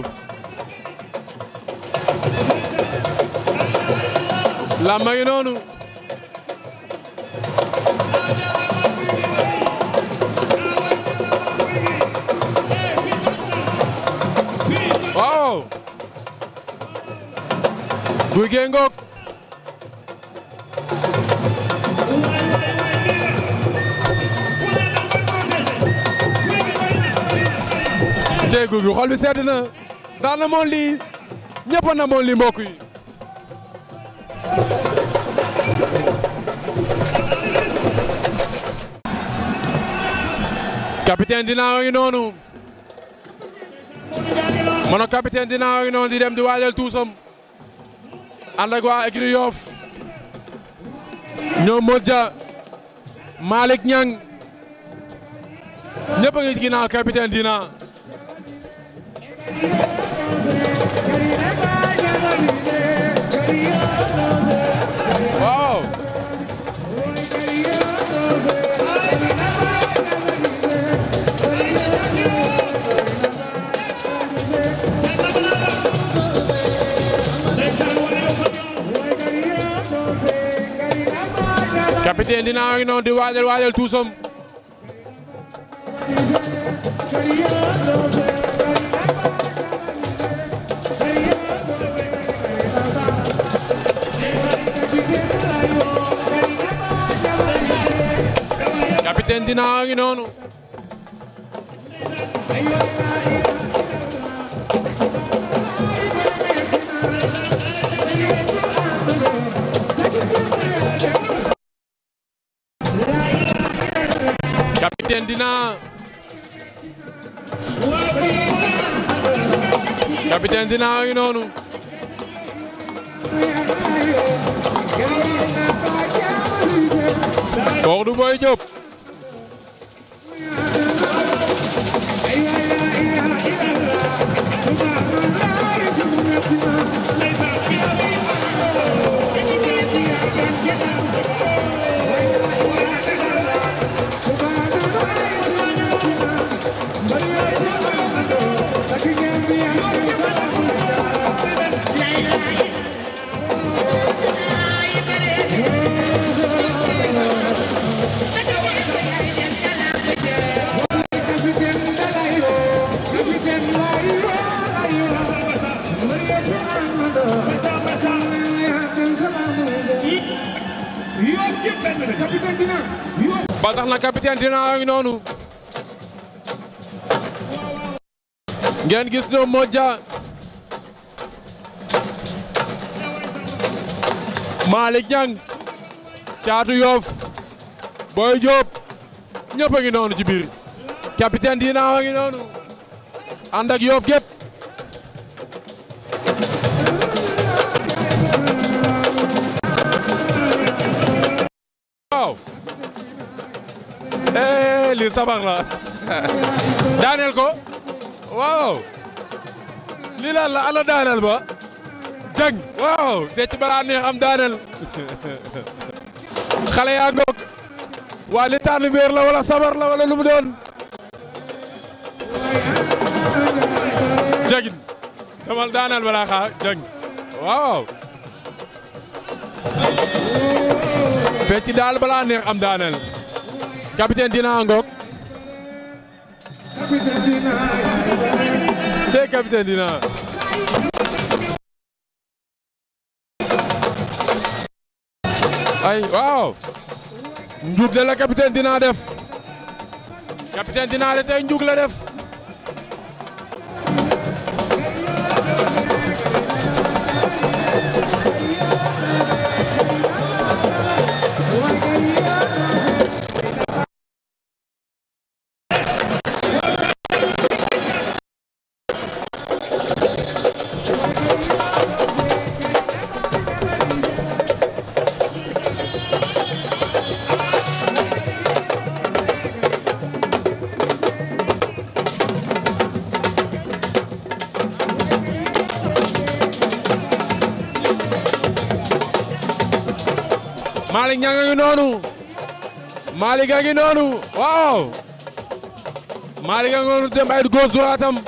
làmb làmb ngi noonu waaw guy gee ngoog tey guy gi xol bi sedd na daa na moon lii ñëpp na moon lii mbokk yi capitaine dinaa ngi noonu mono capitaine dinaa ngi noonu di dem di waajal tuusam ànd ak waa écurie Yoff ñoom Modja Malick a ngi ginnaaw capitaine dinaa capitaine Dina ngi noonu di waajal waajal tuusam capitaine Dina ngi noonu teen dina capitaine dina a ngi noonu du Boy Diop capitaine tax na capitaine dina ngi noonu ngeen gis ñoom Modja Malick Niang Caatu Yoff Boy Diop ñëpp ngi noonu ci biir capitaine dina ngi noonu ànd ak Yoff eh lii sabar la daaneel ko waaw lii lan la ala daaneel ba jàng waaw fecc balaa neex am daaneel xale yaa ngoog waa li tànn béer la wala sabar la wala lu mu doon jagin damal daaneel balaa xaa jàng waaw fecc daal balaa neex am daaneel capitaine dina ngoog cee capitaine dina ay waaw njuug de la capitaine dina def capitaine dina de tey njuug la def Malick Niang noonu Malick a noonu waaw Malick a noonu dem ay góor suraatam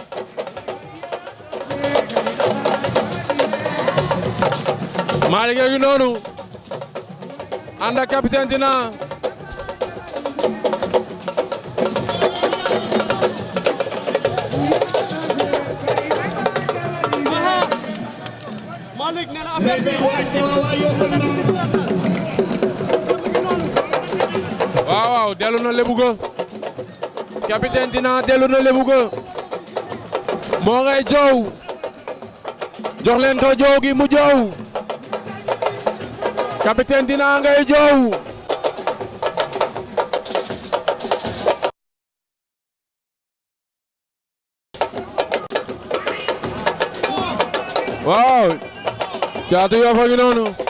waaw na Lebu ga dina dellu na Lebu moo ngay joow jox leen ko mu joow capitaine dina ngay joow waaw caatu yoo fa ngi noonu